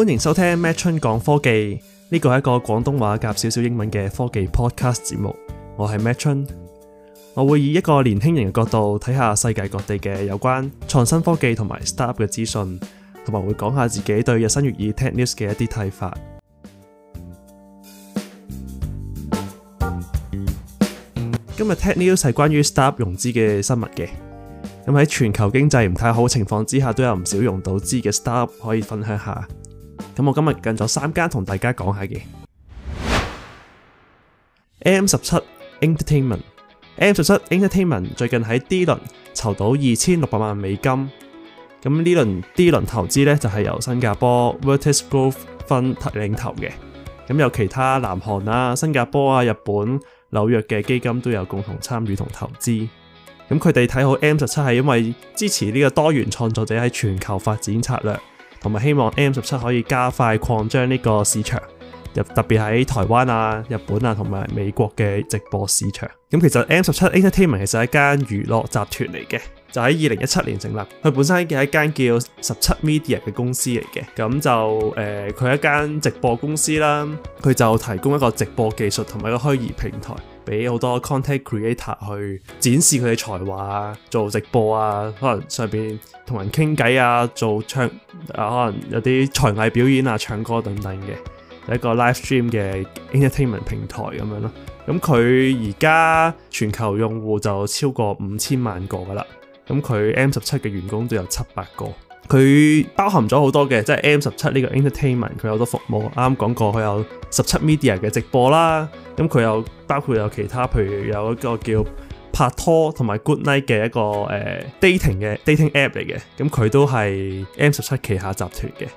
歡迎收聽麥春講科技，呢個係一個廣東話夾少少英文嘅科技 podcast 節目。我係麥春，我會以一個年輕人嘅角度睇下世界各地嘅有關創新科技同埋 startup 嘅資訊，同埋會講一下自己對日新月異 tech news 嘅一啲睇法。今日 tech news 係關於 startup 融資嘅新聞嘅。咁喺全球經濟唔太好情況之下，都有唔少融到資嘅 startup 可以分享下。咁我今日近咗三間同大家講下嘅。M 十七 Entertainment，M 十七 Entertainment 最近喺 D 輪籌到二千六百萬美金。咁呢輪 D 輪投資咧就係由新加坡 Vertex Growth Fund 領投嘅，咁有其他南韓啊、新加坡啊、日本、紐約嘅基金都有共同參與同投資。咁佢哋睇好 M 十七係因為支持呢個多元創作者喺全球發展策略。同埋希望 M 十七可以加快擴張呢個市場，特別喺台灣啊、日本啊同埋美國嘅直播市場。咁其實 M 十七 Entertainment 其實係一間娛樂集團嚟嘅，就喺二零一七年成立。佢本身係一間叫十七 Media 嘅公司嚟嘅，咁就佢、呃、係一間直播公司啦，佢就提供一個直播技術同埋一個虛擬平台。俾好多 content creator 去展示佢哋才華啊，做直播啊，可能上邊同人傾偈啊，做唱啊，可能有啲才藝表演啊，唱歌等等嘅，一個 livestream 嘅 entertainment 平台咁樣咯。咁佢而家全球用戶就超過五千萬個㗎啦。咁佢 M 十七嘅員工都有七百個。佢包含咗好多嘅，即係 M 十七呢個 entertainment，佢有好多服務，啱啱講過佢有十七 media 嘅直播啦，咁佢有包括有其他，譬如有一個叫拍拖同埋 good night 嘅一個、呃、dating 嘅 dating app 嚟嘅，咁佢都係 M 十七旗下集團嘅。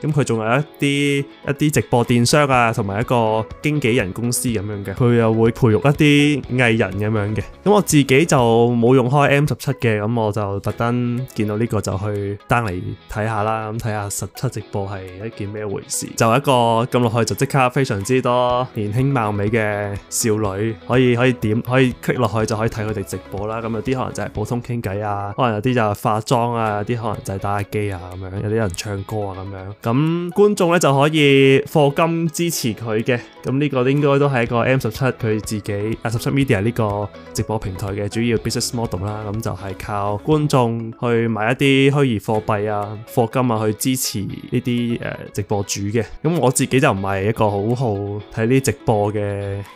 咁佢仲有一啲一啲直播電商啊，同埋一個經紀人公司咁樣嘅，佢又會培育一啲藝人咁樣嘅。咁我自己就冇用開 M 十七嘅，咁我就特登見到呢個就去 down 嚟睇下啦，咁睇下十七直播係一件咩回事。就一個撳落去就即刻非常之多年輕貌美嘅少女，可以可以點可以 click 落去就可以睇佢哋直播啦。咁有啲可能就係普通傾偈啊，可能有啲就係化妝啊，有啲可能就係打機啊咁樣，有啲人唱歌啊咁樣。咁觀眾咧就可以課金支持佢嘅，咁呢個應該都係一個 M 十七佢自己啊十七 media 呢個直播平台嘅主要 business model 啦。咁就係靠觀眾去買一啲虛擬貨幣啊、課金啊去支持呢啲、呃、直播主嘅。咁我自己就唔係一個好好睇啲直播嘅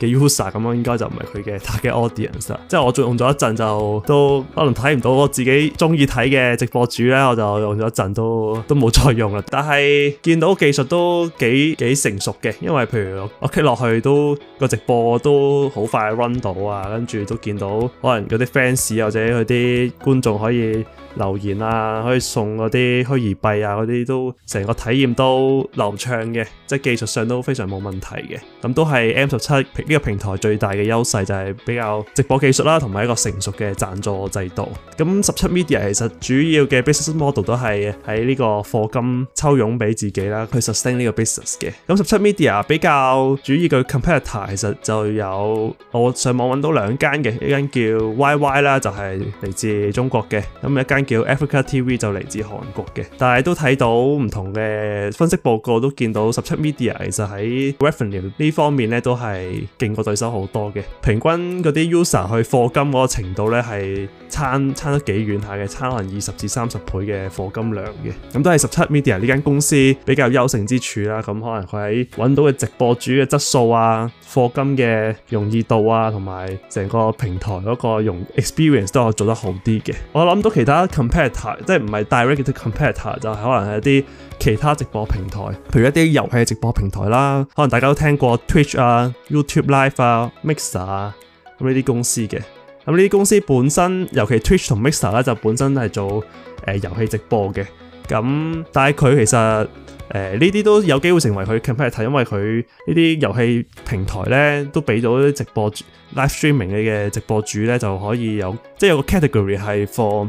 嘅 user，咁樣應該就唔係佢嘅 target audience 啦。即係我用咗一陣就都可能睇唔到我自己中意睇嘅直播主咧，我就用咗一陣都都冇再用啦。但係見到技術都幾幾成熟嘅，因為譬如屋企落去都個直播都好快 run 到啊，跟住都見到可能啲 fans 或者佢啲觀眾可以留言啊，可以送啲虛擬幣啊，啲都成個體驗都流暢嘅，即係技術上都非常冇問題嘅。咁都係 M 十七呢個平台最大嘅優勢就係、是、比較直播技術啦、啊，同埋一個成熟嘅贊助制度。咁十七 media 其實主要嘅 business model 都係喺呢個課金抽佣比。自己啦，去 sustain 呢個 business 嘅。咁十七 media 比較主要嘅 competitor，其實就有我上網揾到兩間嘅，一間叫 YY 啦，就係嚟自中國嘅，咁一間叫 Africa TV 就嚟自韓國嘅。但係都睇到唔同嘅分析報告都見到十七 media 其實喺 revenue 呢方面咧都係勁過對手好多嘅。平均啲 user 去課金個程度咧係差差得幾遠下嘅，差可能二十至三十倍嘅課金量嘅。咁都係十七 media 呢間公司。啲比較優勝之處啦，咁可能佢喺揾到嘅直播主嘅質素啊、課金嘅容易度啊，同埋成個平台嗰個用 experience 都有做得好啲嘅。我諗到其他 competitor，即係唔係 direct competitor，就係可能係一啲其他直播平台，譬如一啲遊戲直播平台啦，可能大家都聽過 Twitch 啊、YouTube Live 啊、Mixer 啊咁呢啲公司嘅。咁呢啲公司本身，尤其 Twitch 同 Mixer 咧，就本身係做誒、呃、遊戲直播嘅。咁，但係佢其實誒呢啲都有機會成為佢 competitor，因為佢呢啲遊戲平台咧都俾咗啲直播 live streaming 嘅直播主咧，就可以有，即係有個 category 係 for，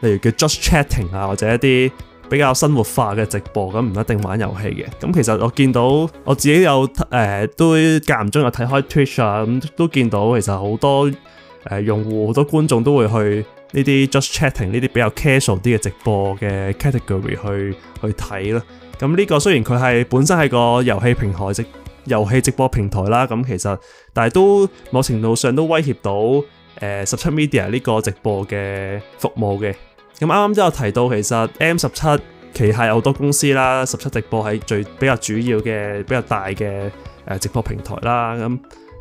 例如叫 just chatting 啊，或者一啲比較生活化嘅直播，咁唔一定玩遊戲嘅。咁其實我見到我自己有誒、呃、都間唔中有睇開 Twitch 啊，咁都見到其實好多誒、呃、用戶好多觀眾都會去。呢啲 just chatting 呢啲比較 casual 啲嘅直播嘅 category 去去睇咯。咁呢個雖然佢係本身係個遊戲平台，即遊戲直播平台啦，咁其實但係都某程度上都威脅到誒十七 media 呢個直播嘅服務嘅。咁啱啱都有提到，其實 M 十七旗下有好多公司啦，十七直播係最比較主要嘅比較大嘅、呃、直播平台啦，咁。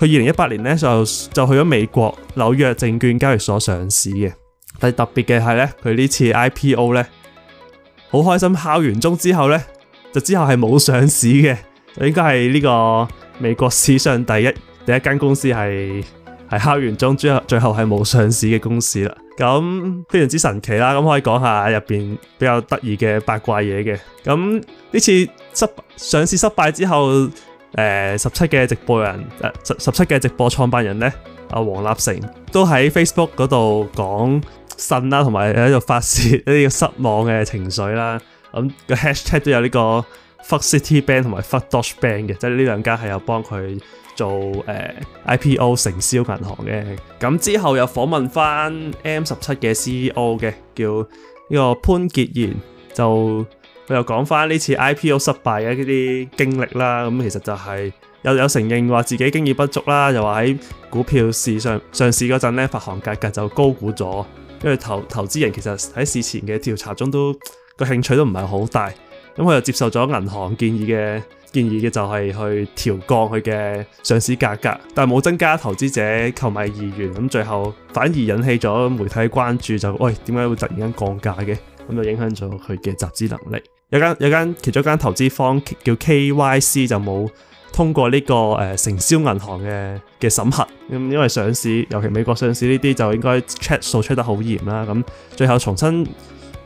佢二零一八年咧就就去咗美國紐約證券交易所上市嘅，但特別嘅係咧，佢呢次 IPO 咧好開心敲完鐘之後咧，就之後係冇上市嘅，就應該係呢個美國史上第一第一間公司係係敲完鐘之後最後係冇上市嘅公司啦，咁非常之神奇啦，咁可以講下入邊比較得意嘅八卦嘢嘅，咁呢次失上市失敗之後。誒十七嘅直播人，誒十十七嘅直播創辦人咧，阿、啊、黃立成都喺 Facebook 嗰度講信啦，同埋喺度發泄呢個失望嘅情緒啦。咁、那個 hashtag 都有呢個 f u c k Citibank 同埋 f u c k Deutsche Bank 嘅，即係呢兩家係有幫佢做、呃、IPO 承銷銀行嘅。咁之後又訪問翻 M 十七嘅 CEO 嘅，叫呢個潘傑賢就。佢又講翻呢次 IPO 失敗嘅一啲經歷啦，咁其實就係有有承認話自己經驗不足啦，又話喺股票市上上市嗰陣呢，發行價格就高估咗，因為投投資人其實喺事前嘅調查中都個興趣都唔係好大，咁佢又接受咗銀行建議嘅建議嘅就係去調降佢嘅上市價格，但冇增加投資者購買意願，咁最後反而引起咗媒體關注，就喂，點解會突然間降價嘅？咁就影響咗佢嘅集資能力。有間有間其中一間投資方叫 KYC 就冇通過呢、呢個承、呃、銷銀行嘅嘅審核咁、嗯，因為上市尤其美國上市呢啲就應該 check 數 check 得好嚴啦，咁、啊嗯、最後重新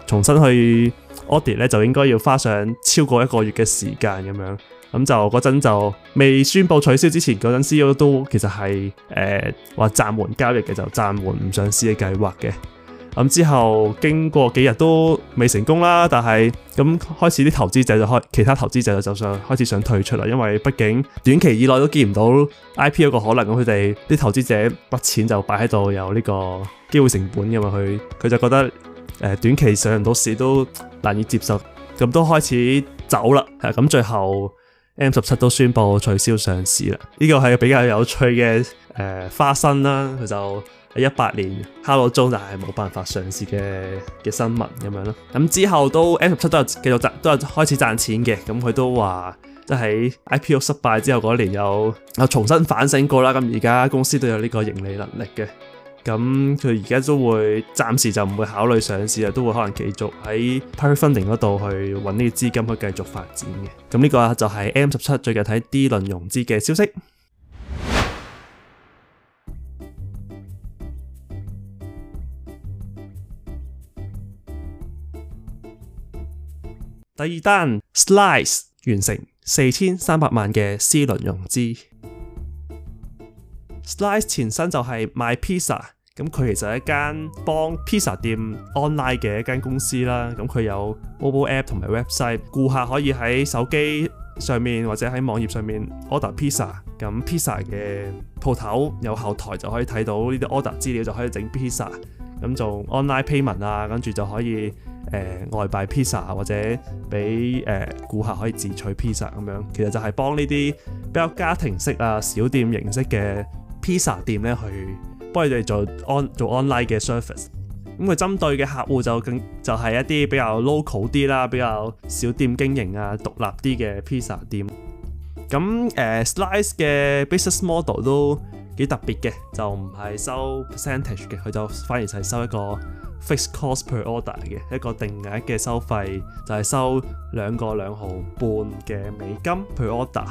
重新去 audit 咧就應該要花上超過一個月嘅時間咁樣，咁、嗯、就嗰陣就未宣佈取消之前嗰陣，CEO 都其實係誒話暫緩交易嘅，就暫緩唔上市嘅計劃嘅。咁之後經過幾日都未成功啦，但係咁開始啲投資者就開，其他投資者就就想開始想退出啦，因為畢竟短期以內都見唔到 IPO 個可能，咁佢哋啲投資者筆錢就擺喺度有呢個機會成本嘅嘛，佢佢就覺得誒短期上唔到市都難以接受，咁都開始走啦，咁最後 M 十七都宣布取消上市啦，呢個係比較有趣嘅誒、呃、花生啦，佢就。喺一八年，Hello 中就係冇辦法上市嘅嘅新聞咁樣咯。咁之後都 M 十七都有繼續都有開始賺錢嘅。咁佢都話，即係 IPO 失敗之後嗰年有，有重新反省過啦。咁而家公司都有呢個盈利能力嘅。咁佢而家都會暫時就唔會考慮上市啊，都會可能繼續喺 private funding 嗰度去揾呢個資金去繼續發展嘅。咁呢個就係 M 十七最近睇 D 輪融資嘅消息。第二單 Slice 完成四千三百萬嘅 C 輪融資。Slice 前身就係賣 pizza，咁佢其實係一間幫 pizza 店 online 嘅一間公司啦。咁佢有 mobile app 同埋 website，顧客可以喺手機上面或者喺網頁上面 order pizza。咁 pizza 嘅鋪頭有後台就可以睇到呢啲 order 資料，就可以整 pizza。咁做 online payment 啊，跟住就可以。誒、呃、外賣 pizza 或者俾誒顧客可以自取 pizza 咁樣，其實就係幫呢啲比較家庭式啊、小店形式嘅 pizza 店咧，去幫佢哋做 on 做 online 嘅 service。咁佢針對嘅客戶就更就係、是、一啲比較 local 啲啦，比較小店經營啊、獨立啲嘅 pizza 店。咁誒、呃、slice 嘅 business model 都。幾特別嘅，就唔係收 percentage 嘅，佢就反而就係收一個 fixed cost per order 嘅，一個定額嘅收費，就係收兩個兩毫半嘅美金 per order。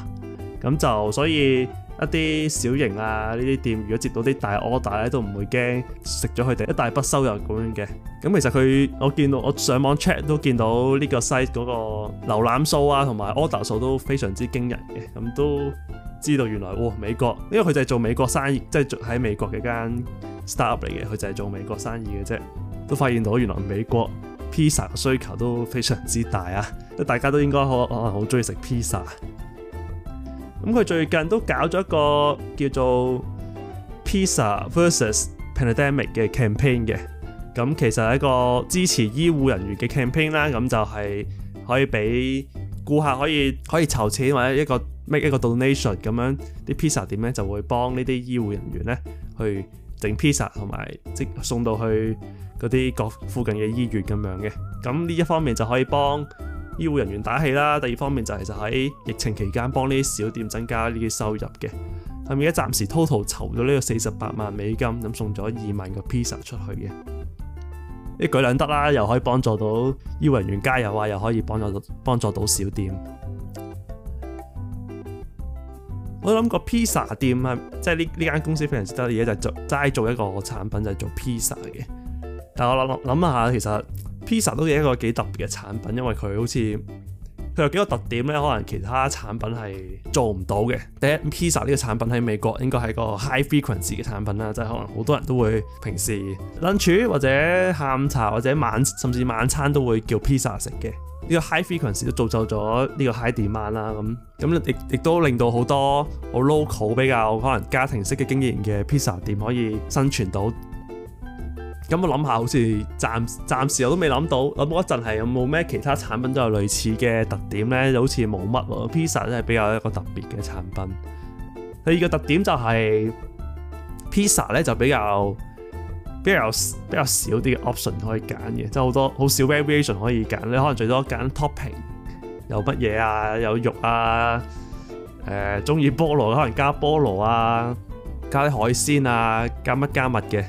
咁就所以一啲小型啊呢啲店，如果接到啲大 order 咧，都唔會驚食咗佢哋一大筆收入咁樣嘅。咁其實佢我見到我上網 check 都見到呢個 site 嗰個瀏覽數啊，同埋 order 數都非常之驚人嘅，咁都。知道原來、哦、美國，因為佢就係做美國生意，即係喺美國嘅間 startup 嚟嘅，佢就係做美國生意嘅啫。都發現到原來美國 pizza 嘅需求都非常之大啊！大家都應該可可能好中意食 pizza。咁佢最近都搞咗一個叫做 pizza versus pandemic 嘅 campaign 嘅。咁其實係一個支持醫護人員嘅 campaign 啦。咁就係可以俾顧客可以可以籌錢或者一個。Make 一個 donation 咁樣，啲 pizza 店咧就會幫呢啲醫護人員咧去整 pizza 同埋即送到去嗰啲各附近嘅醫院咁樣嘅。咁呢一方面就可以幫醫護人員打氣啦，第二方面就係就喺疫情期間幫呢啲小店增加呢啲收入嘅。咁而家暫時 total 籌咗呢個四十八萬美金，咁送咗二萬個 pizza 出去嘅，一舉兩得啦，又可以幫助到醫護人員加油啊，又可以幫助到幫助到小店。我諗個披薩店係即係，呢呢間公司非常之得意嘅就係做齋做一個產品，就係做披薩嘅。但我諗諗諗下，其實披薩都係一個幾特別嘅產品，因為佢好似。佢有幾個特點咧？可能其他產品係做唔到嘅。第一，pizza 呢個產品喺美國應該係個 high frequency 嘅產品啦，即、就、係、是、可能好多人都會平時 lunch 或者下午茶或者晚甚至晚餐都會叫 pizza 食嘅。呢、這個 high frequency 都造就咗呢個 high 店慢啦。咁咁亦亦都令到好多好 local 比較可能家庭式嘅經驗嘅 pizza 店可以生存到。咁我諗下好，好似暫暫時我都未諗到，諗過一陣係有冇咩其他產品都有類似嘅特點咧？好似冇乜喎。Pizza 咧係比較一個特別嘅產品。第二個特點就係 Pizza 咧就比較比較比較少啲嘅 option 可以揀嘅，即係好多好少 variation 可以揀。你可能最多揀 topping，有乜嘢啊？有肉啊？誒、呃，中意菠蘿可能加菠蘿啊，加啲海鮮啊，加乜加乜嘅。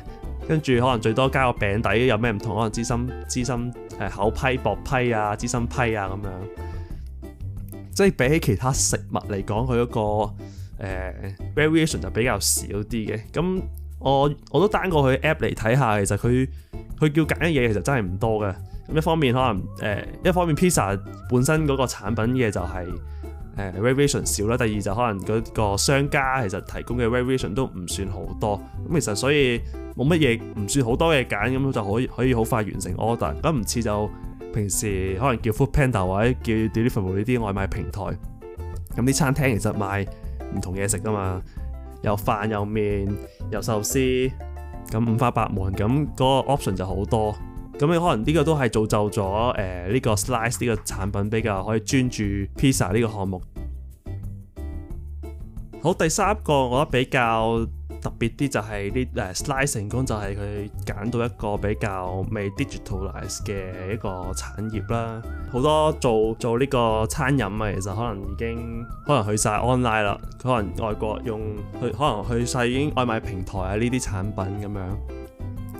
跟住可能最多加個餅底有咩唔同？可能芝心、芝心誒、呃、厚批、薄批啊、芝心批啊咁樣。即係比起其他食物嚟講，佢嗰、嗰個、呃、variation 就比較少啲嘅。咁我我都單過佢 app 嚟睇下，其實佢佢叫揀嘅嘢其實真係唔多嘅。咁一方面可能、呃、一方面 pizza 本身嗰個產品嘅就係、是。誒、uh, variation 少啦，第二就可能嗰個商家其實提供嘅 variation 都唔算好多，咁其實所以冇乜嘢唔算好多嘢揀，咁就可以可以好快完成 order，咁唔似就平時可能叫 Foodpanda 或者叫 delivery 呢啲外賣平台，咁啲餐廳其實賣唔同嘢食噶嘛，又飯又麵又壽司，咁五花八門，咁嗰個 option 就好多。咁你可能呢個都係造就咗呢個 slice 呢個產品比較可以專注 pizza 呢個項目。好，第三個我覺得比較特別啲就係呢誒 slice 成功就係佢揀到一個比較未 digitalize 嘅一個產業啦。好多做做呢個餐飲啊，其實可能已經可能去晒 online 啦，可能外國用佢可能去晒已經外賣平台啊呢啲產品咁樣。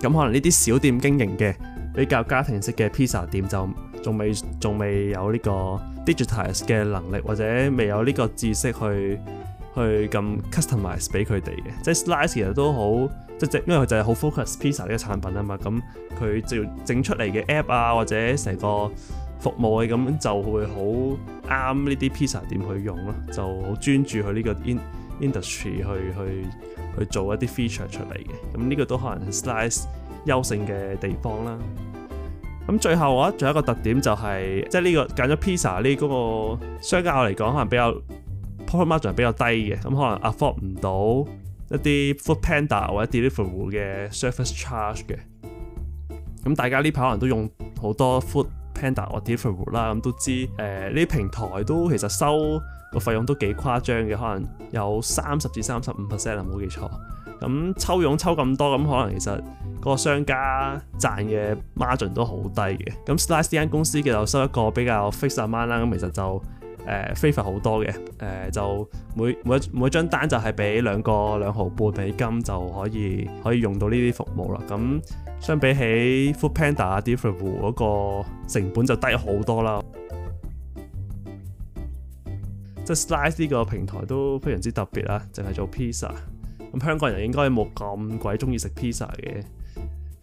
咁可能呢啲小店經營嘅。比較家庭式嘅披薩店就仲未仲未有呢個 digitize 嘅能力，或者未有呢個知識去去咁 customize 俾佢哋嘅。即係 Slice 其實都好，即係因為佢就係好 focus pizza 呢個產品啊嘛，咁佢就整出嚟嘅 app 啊，或者成個服務啊，咁就會好啱呢啲披薩店去用咯，就好專注去呢個 industry 去去去做一啲 feature 出嚟嘅。咁呢個都可能係 Slice。優勝嘅地方啦，咁最後我覺得仲有一個特點就係、是，即係呢個揀咗 pizza 呢嗰商家較嚟講，可能比較 profit margin 係比較低嘅，咁可能 afford 唔到一啲 food panda 或者 Deliveroo 嘅 service charge 嘅，咁大家呢排可能都用好多 food。Panda or different 啦，咁都知，誒呢啲平台都其實收個費用都幾誇張嘅，可能有三十至三十五 percent 啊，冇記錯。咁抽傭抽咁多，咁可能其實個商家賺嘅 margin 都好低嘅。咁 Slice 呢間公司其實收一個比較 fixed amount 啦，咁其實就。誒飛快好多嘅，誒、uh, 就每每每張單就係俾兩個兩毫半美金就可以可以用到呢啲服務啦。咁相比起 Foodpanda、Delivery 嗰個成本就低好多啦。即、uh、係 -huh. so, Slice 呢個平台都非常之特別啊，淨係做 pizza。咁香港人應該冇咁鬼中意食 pizza 嘅。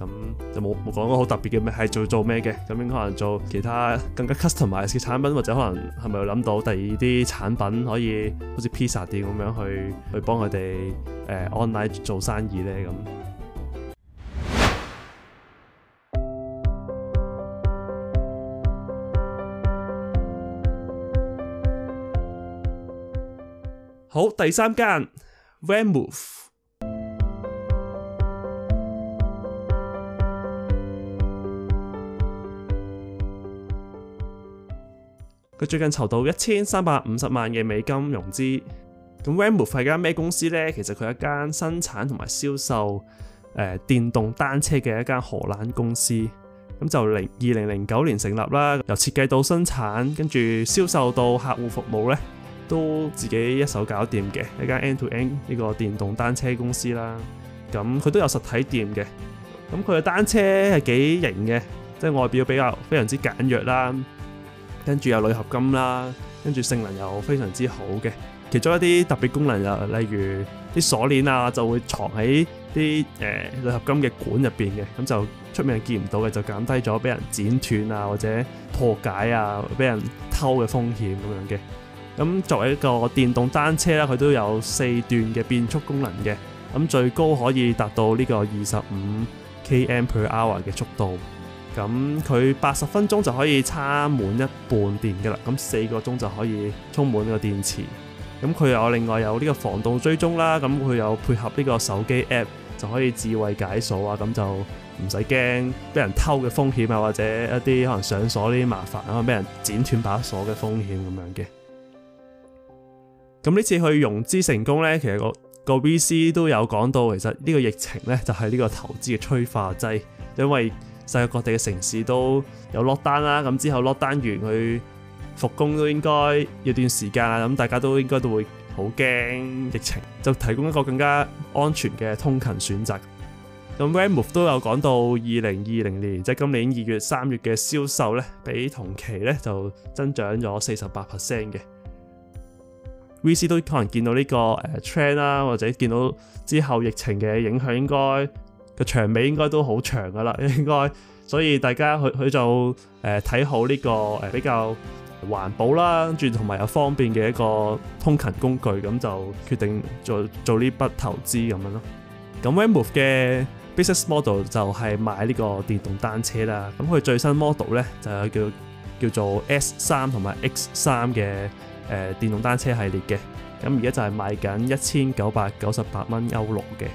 咁就冇冇講過好特別嘅咩，係做做咩嘅？咁應該可能做其他更加 customise 嘅產品，或者可能係咪諗到第二啲產品可以好似披薩店咁樣去去幫佢哋誒 online 做生意呢？咁，好，第三間 VanMoof。Remoof. 佢最近籌到一千三百五十萬嘅美金融資。咁 VanMoof 係間咩公司呢？其實佢係一間生產同埋銷售誒、呃、電動單車嘅一間荷蘭公司。咁就零二零零九年成立啦，由設計到生產，跟住銷售到客戶服務呢，都自己一手搞掂嘅一間 End to End 呢個電動單車公司啦。咁佢都有實體店嘅。咁佢嘅單車係幾型嘅？即係外表比較非常之簡約啦。跟住有鋁合金啦，跟住性能又非常之好嘅。其中一啲特別功能就例如啲鎖鏈啊，就會藏喺啲誒鋁合金嘅管入邊嘅，咁就出面見唔到嘅，就減低咗俾人剪斷啊或者破解啊俾人偷嘅風險咁樣嘅。咁作為一個電動單車啦，佢都有四段嘅變速功能嘅，咁最高可以達到呢個二十五 km per hour 嘅速度。咁佢八十分鐘就可以充滿一半電嘅啦，咁四個鐘就可以充滿個電池。咁佢有另外有呢個防盜追蹤啦，咁佢有配合呢個手機 APP 就可以智慧解鎖啊，咁就唔使驚俾人偷嘅風險啊，或者一啲可能上鎖呢啲麻煩啊，俾人剪斷把鎖嘅風險咁樣嘅。咁呢次佢融資成功呢，其實、個個 VC 都有講到，其實呢個疫情呢，就係呢個投資嘅催化劑，因為世界各地嘅城市都有 lockdown 啦，咁之後 lockdown 完去復工都應該要段時間，咁大家都應該都會好驚疫情，就提供一個更加安全嘅通勤選擇。咁 Remov 都有講到2020，二零二零年即係今年二月、三月嘅銷售咧，比同期咧就增長咗四十八 percent 嘅。VC 都可能見到呢、這個誒、呃、trend 啦、啊，或者見到之後疫情嘅影響應該。個長尾應該都好長噶啦，應該，所以大家佢佢就誒睇好呢、呢個誒、呃、比較環保啦，跟住同埋又方便嘅一個通勤工具，咁就決定做做呢筆投資咁樣咯。咁 VanMoof 嘅 business model 就係賣呢個電動單車啦，咁佢最新 model 咧就係叫叫做 S 三同埋 X 三嘅誒電動單車系列嘅，咁而家就係賣緊一千九百九十八蚊歐羅嘅。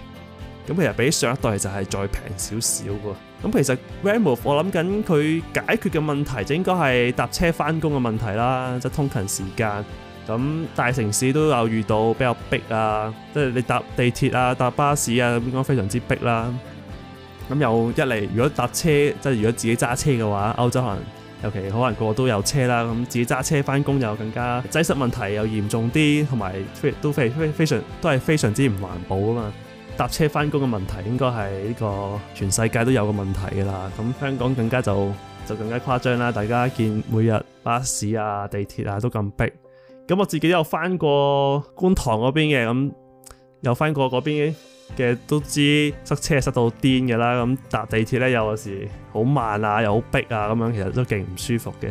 咁其實比上一代就係再平少少喎。咁其實 r a m v e 我諗緊佢解決嘅問題就應該係搭車翻工嘅問題啦，即係通勤時間。咁大城市都有遇到比較逼啊，即係你搭地鐵啊、搭巴士啊，應該非常之逼啦。咁又一嚟，如果搭車，即係如果自己揸車嘅話，歐洲可能尤其可能個個都有車啦。咁自己揸車翻工又更加擠塞問題又嚴重啲，同埋都非非常都係非常之唔環保啊嘛。搭車返工嘅問題應該係呢個全世界都有嘅問題噶啦。咁香港更加就就更加誇張啦。大家見每日巴士啊、地鐵啊都咁逼，咁我自己有返過觀塘嗰邊嘅，咁有返過嗰邊嘅都知塞車塞到癲噶啦。咁搭地鐵呢，有時好慢啊，又好逼啊，咁樣其實都勁唔舒服嘅。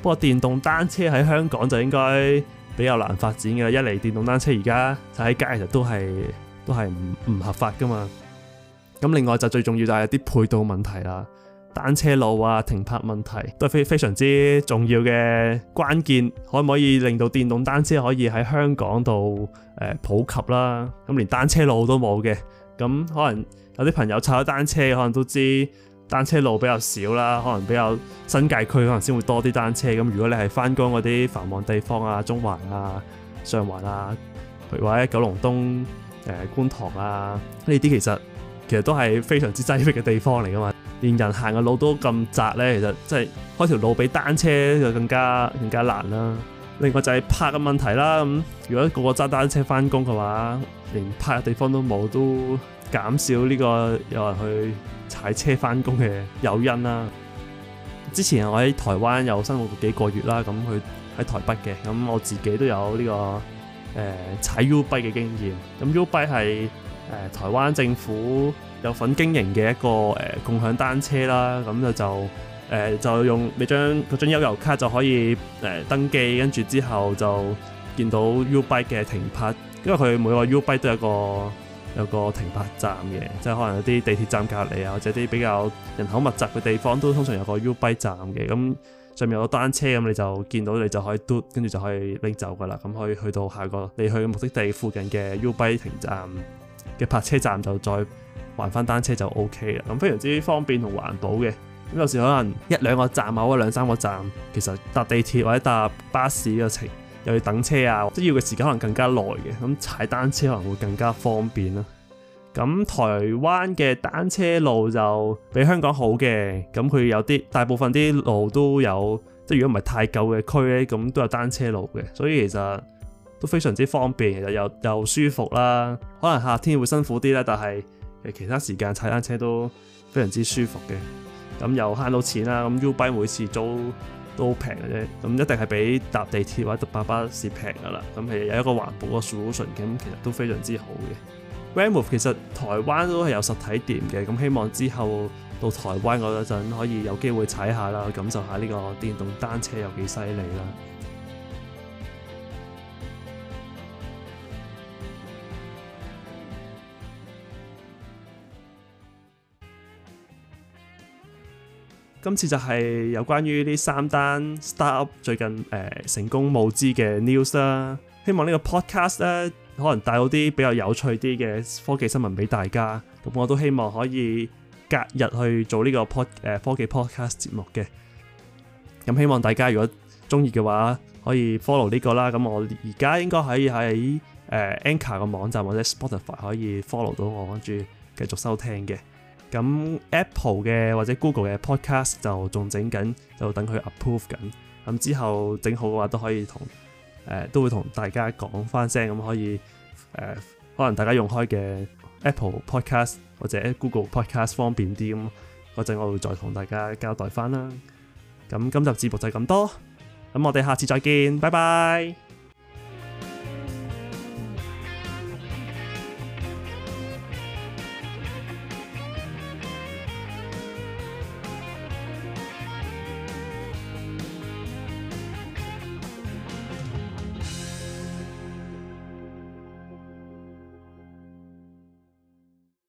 不過電動單車喺香港就應該比較難發展嘅啦。一嚟電動單車而家就喺街，其實都係，都係唔唔合法噶嘛。咁另外就最重要就係啲配套問題啦，單車路啊、停泊問題都係非非常之重要嘅關鍵，可唔可以令到電動單車可以喺香港度、呃、普及啦？咁連單車路都冇嘅，咁可能有啲朋友踩咗單車可能都知單車路比較少啦，可能比較新界區可能先會多啲單車。咁如果你係翻工嗰啲繁忙地方啊，中環啊、上環啊，譬如話喺九龍東。誒觀塘啊，呢啲其實其實都係非常之擠迫嘅地方嚟㗎嘛，連人行嘅路都咁窄呢，其實即係開條路俾單車就更加更加難啦、啊。另外就係泊嘅問題啦，咁如果個個揸單車翻工嘅話，連泊嘅地方都冇，都減少呢個有人去踩車翻工嘅誘因啦、啊。之前我喺台灣有生活過幾個月啦，咁佢喺台北嘅，咁我自己都有呢、這個。誒、呃、踩 U bike 嘅經驗，咁 U bike 係台灣政府有份經營嘅一個誒、呃、共享單車啦，咁就誒、呃、就用你張嗰張悠遊卡就可以誒、呃、登記，跟住之後就見到 U bike 嘅停泊，因為佢每個 U bike 都有個有個停泊站嘅，即係可能有啲地鐵站隔離啊，或者啲比較人口密集嘅地方都通常有個 U bike 站嘅，咁。上面有單車咁，你就見到你就可以嘟，跟住就可以拎走噶啦。咁可以去到下個你去的目的地附近嘅 U 拜停站嘅泊車站就再還翻單車就 OK 啦。咁非常之方便同環保嘅。咁有時可能一兩個站或者兩三個站，其實搭地鐵或者搭巴士嘅程又要等車啊，都要嘅時間可能更加耐嘅。咁踩單車可能會更加方便咯。咁台灣嘅單車路就比香港好嘅，咁佢有啲大部分啲路都有，即係如果唔係太舊嘅區咧，咁都有單車路嘅，所以其實都非常之方便，其實又又舒服啦。可能夏天會辛苦啲啦，但係其他時間踩單車都非常之舒服嘅。咁又慳到錢啦，咁 Uber 每次租都平嘅啫，咁一定係比搭地鐵或者搭巴士平噶啦。咁其實有一個環保嘅 solution，咁其實都非常之好嘅。VanMoof 其實台灣都係有實體店嘅，咁希望之後到台灣嗰陣，可以有機會踩下啦，感受下呢個電動單車有幾犀利啦。今次就係有關於呢三單 startup 最近、呃、成功募資嘅 news 啦，希望呢個 podcast 咧。可能帶到啲比較有趣啲嘅科技新聞俾大家，咁我都希望可以隔日去做呢個 pod 呃科技 podcast 節目嘅。咁希望大家如果中意嘅話，可以 follow 呢個啦。咁我而家應該喺喺、呃、Anchor 嘅網站或者 Spotify 可以 follow 到我，跟住繼續收聽嘅。咁 Apple 嘅或者 Google 嘅 podcast 就仲整緊，就等佢 approve 緊。咁之後整好嘅話，都可以同。誒、呃、都會同大家講翻聲，咁可以誒、呃，可能大家用開嘅 Apple Podcast 或者 Google Podcast 方便啲，咁嗰陣我會再同大家交代翻啦。咁今集節目就係咁多，咁我哋下次再見，拜拜。